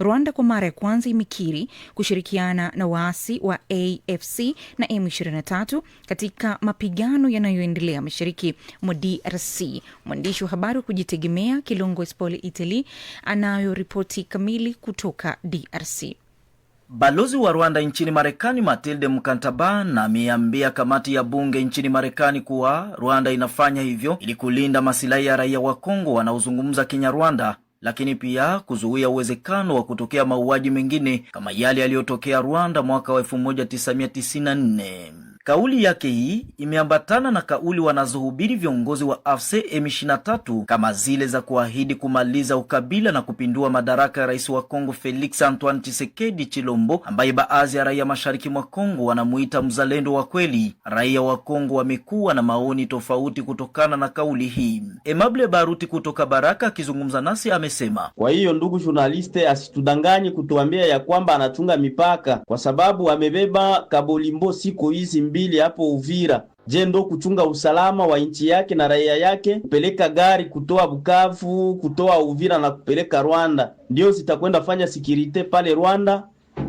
Rwanda kwa mara ya kwanza imekiri kushirikiana na waasi wa AFC na M23 katika mapigano yanayoendelea mashariki mwa DRC. Mwandishi wa habari wa kujitegemea Kilongo Espole Italy anayoripoti kamili kutoka DRC. Balozi wa Rwanda nchini Marekani Matilde Mkantaban ameambia kamati ya bunge nchini Marekani kuwa Rwanda inafanya hivyo ili kulinda masilahi ya raia wa Kongo wanaozungumza kenya rwanda lakini pia kuzuia uwezekano wa kutokea mauaji mengine kama yale yaliyotokea Rwanda mwaka wa 1994. Kauli yake hii imeambatana na kauli wanazohubiri viongozi wa AFC e M23 kama zile za kuahidi kumaliza ukabila na kupindua madaraka ya rais wa Kongo Felix Antoine Tshisekedi Chilombo, ambaye baadhi ya raia mashariki mwa Kongo wanamuita mzalendo wa kweli. Raia wa Kongo wamekuwa na maoni tofauti kutokana na kauli hii. Emable Baruti kutoka Baraka akizungumza nasi amesema, kwa hiyo ndugu journaliste asitudanganye kutuambia ya kwamba anatunga mipaka, kwa sababu amebeba Kabolimbo siku hizi mbili mbili hapo Uvira. Je, ndo kuchunga usalama wa nchi yake na raia yake, kupeleka gari kutoa Bukavu, kutoa Uvira na kupeleka Rwanda, ndio zitakwenda fanya sikirite pale Rwanda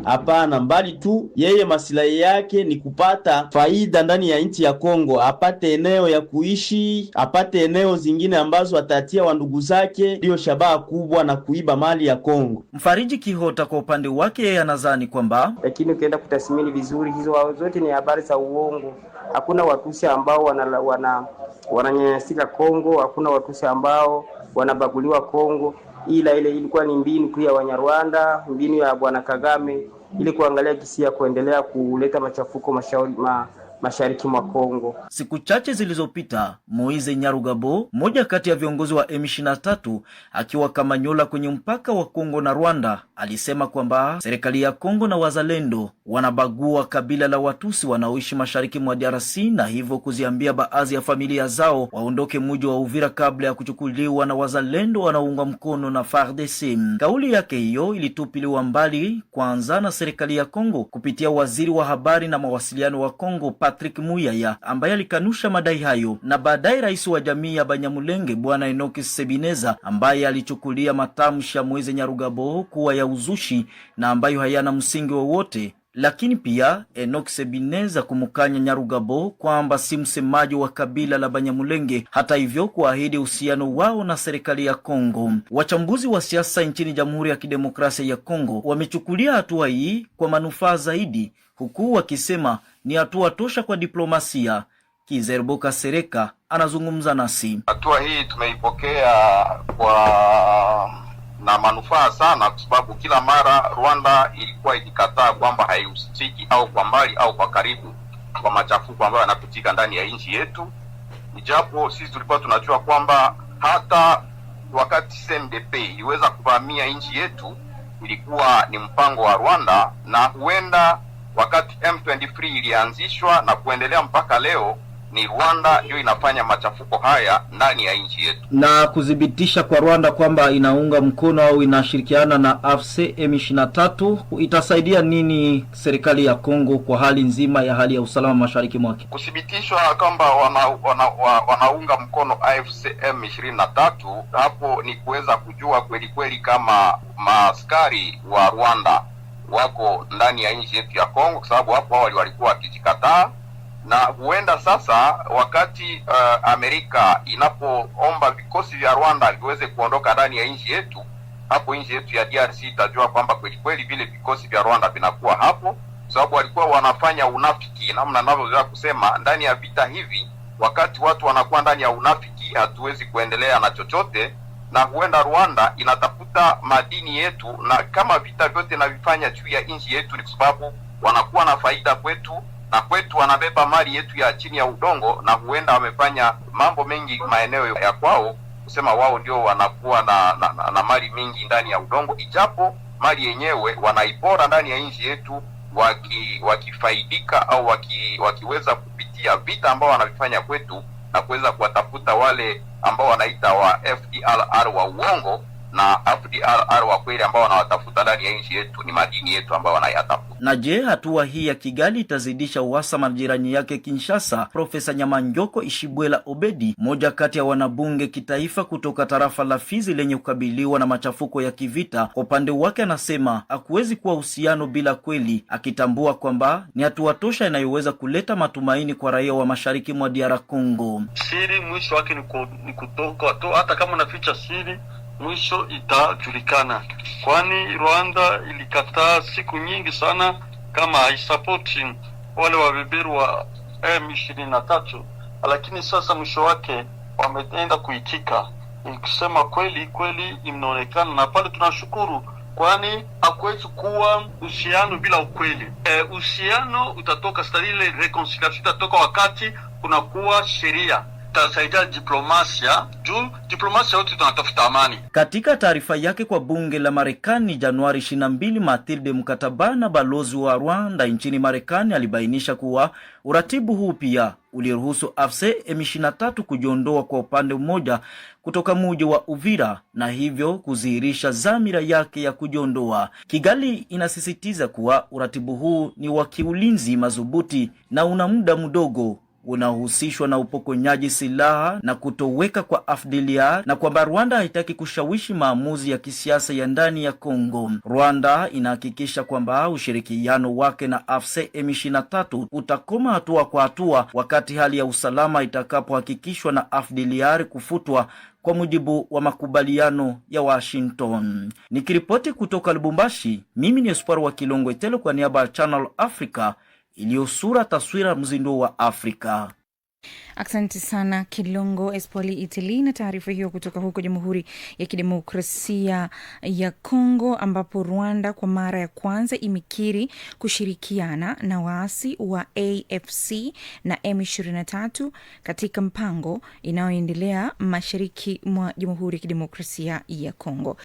Hapana, mbali tu yeye masilahi yake ni kupata faida ndani ya nchi ya Kongo, apate eneo ya kuishi, apate eneo zingine ambazo atatia wandugu zake. Ndiyo shabaha kubwa na kuiba mali ya Kongo. Mfariji Kihota kwa upande wake yeye anadhani kwamba, lakini ukienda kutathmini vizuri, hizo zote ni habari za uongo. Hakuna Watusi ambao wananyanyasika wana, wana Kongo, hakuna Watusi ambao wanabaguliwa Kongo ila ile ilikuwa ni mbinu tu ya Wanyarwanda, mbinu ya Bwana Kagame ili kuangalia jinsi ya kuendelea kuleta machafuko mashauri ma, mashariki mwa Kongo. Siku chache zilizopita, moise Nyarugabo, mmoja kati ya viongozi wa M23 akiwa Kamanyola kwenye mpaka wa Kongo na Rwanda, alisema kwamba serikali ya Kongo na wazalendo wanabagua kabila la Watusi wanaoishi mashariki mwa DRC na hivyo kuziambia baadhi ya familia zao waondoke mji wa Uvira kabla ya kuchukuliwa na wazalendo wanaounga mkono na FARDC. Kauli yake hiyo ilitupiliwa mbali kwanza na serikali ya Kongo kupitia waziri wa habari na mawasiliano wa Kongo Patrick Muyaya ambaye alikanusha madai hayo, na baadaye rais wa jamii ya Banyamulenge Bwana Enoki Sebineza ambaye alichukulia matamshi ya Mwezi Nyarugabo kuwa ya uzushi na ambayo hayana msingi wowote lakini pia Enoch Sebineza kumkanya Nyarugabo kwamba si msemaji wa kabila la Banyamulenge, hata hivyo kuahidi uhusiano wao na serikali ya Kongo. Wachambuzi wa siasa nchini Jamhuri ya Kidemokrasia ya Kongo wamechukulia hatua hii kwa manufaa zaidi huku wakisema ni hatua tosha kwa diplomasia. Kizerboka Sereka anazungumza nasi. Hatua hii tumeipokea kwa na manufaa sana, kwa sababu kila mara Rwanda ilikuwa ikikataa kwamba haihusiki au kwa mbali au kwa karibu kwa machafuko ambayo yanapitika ndani ya nchi yetu, ijapo sisi tulikuwa tunajua kwamba hata wakati CNDP iliweza kuvamia nchi yetu ilikuwa ni mpango wa Rwanda na huenda wakati M23 ilianzishwa na kuendelea mpaka leo, ni Rwanda ndio inafanya machafuko haya ndani ya nchi yetu, na kuthibitisha kwa Rwanda kwamba inaunga mkono au inashirikiana na AFC M23 itasaidia nini serikali ya Kongo kwa hali nzima ya hali ya usalama mashariki mwake? Kuthibitishwa kwamba wana, wana, wana, wanaunga mkono AFC M23, hapo ni kuweza kujua kweli kweli kama maaskari wa Rwanda wako ndani ya nchi yetu ya Kongo, kwa sababu hapo awali walikuwa wakijikataa, na huenda sasa wakati uh, Amerika inapoomba vikosi vya Rwanda viweze kuondoka ndani ya nchi yetu, hapo nchi yetu ya DRC itajua kwamba kweli kweli vile vikosi vya Rwanda vinakuwa hapo, kwa sababu walikuwa wanafanya unafiki, namna ninavyoweza kusema. Ndani ya vita hivi, wakati watu wanakuwa ndani ya unafiki, hatuwezi kuendelea na chochote na huenda Rwanda inatafuta madini yetu, na kama vita vyote navifanya juu ya nchi yetu ni kwa sababu wanakuwa na faida kwetu, na kwetu wanabeba mali yetu ya chini ya udongo, na huenda wamefanya mambo mengi maeneo ya kwao, kusema wao ndio wanakuwa na, na, na, na mali mingi ndani ya udongo, ijapo mali yenyewe wanaipora ndani ya nchi yetu waki, wakifaidika au waki, wakiweza kupitia vita ambao wanavifanya kwetu na kuweza kuwatafuta wale ambao wanaita wa FDLR e wa uongo na FDRR wa kweli ambao wanawatafuta ndani ya nchi yetu ni madini yetu ambao wanayatafuta. Na je, hatua hii ya Kigali itazidisha uhasama jirani yake Kinshasa? Profesa Nyamanjoko Ishibwela Obedi, mmoja kati ya wanabunge kitaifa kutoka tarafa la Fizi lenye kukabiliwa na machafuko ya kivita, kwa upande wake anasema hakuwezi kuwa uhusiano bila kweli, akitambua kwamba ni hatua tosha inayoweza kuleta matumaini kwa raia wa mashariki mwa DR Congo. Siri mwisho wake ni kutoka tu, hata kama unaficha siri mwisho itajulikana, kwani Rwanda ilikataa siku nyingi sana kama haisapoti wale wabeberu wa M23, lakini sasa mwisho wake wameenda kuitika. ikusema kweli kweli, imeonekana na pale, tunashukuru kwani hakuwezi kuwa uhusiano bila ukweli. E, uhusiano utatoka stalile reconciliation itatoka wakati kunakuwa sheria tutasaidia diplomasia juu diplomasia yote tunatafuta amani. Katika taarifa yake kwa bunge la Marekani Januari 22, Mathilde Mkatabana, balozi wa Rwanda nchini Marekani, alibainisha kuwa uratibu huu pia uliruhusu AFC M23 kujiondoa kwa upande mmoja kutoka muji wa Uvira na hivyo kudhihirisha dhamira yake ya kujiondoa. Kigali inasisitiza kuwa uratibu huu ni wa kiulinzi madhubuti na una muda mdogo unaohusishwa na upokonyaji silaha na kutoweka kwa afdiliar na kwamba Rwanda haitaki kushawishi maamuzi ya kisiasa ya ndani ya Kongo. Rwanda inahakikisha kwamba ushirikiano wake na AFC M23 utakoma hatua kwa hatua wakati hali ya usalama itakapohakikishwa na afdiliar kufutwa kwa mujibu wa makubaliano ya Washington. Nikiripoti kutoka Lubumbashi, mimi ni Espoir wa Kilongo Itelo kwa niaba ya Channel Africa iliyosura taswira mzindo wa Afrika. Asante sana Kilongo Espoli Itali na taarifa hiyo kutoka huko Jamhuri ya Kidemokrasia ya Kongo, ambapo Rwanda kwa mara ya kwanza imekiri kushirikiana na waasi wa AFC na M23 katika mpango inayoendelea mashariki mwa Jamhuri ya Kidemokrasia ya Kongo.